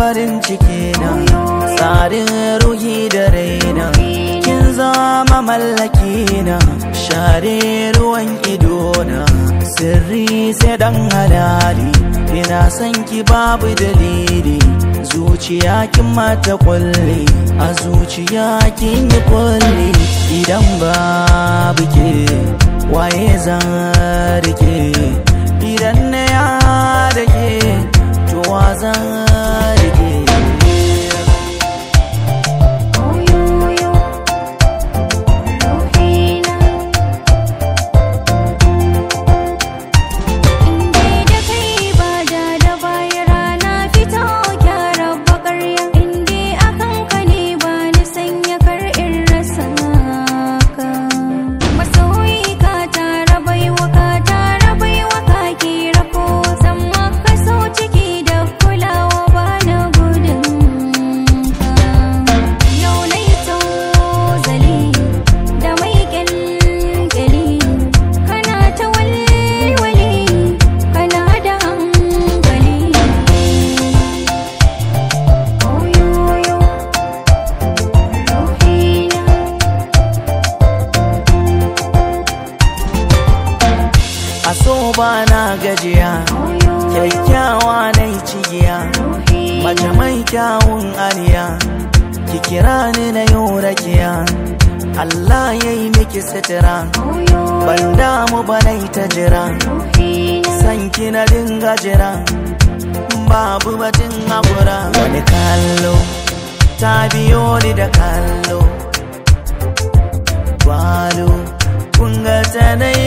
farin ciki na tsarin ruhi da raina kin zama mallaki na share ruwan ido na sirri sai dan halali ina san ki babu dalili zuciya kin mata kulli a zuciya kin yi kulli idan babu ke waye zan rike a so ba na gajiya kyakkyawa na cigiya mace mai kyawun aliya ki kira ni na yau rakiya Allah ya yi miki sitira ban damu ba ta jira san ki na dinga jira babu batin abura wani kallo ta biyo ni da kallo gwalo kun ga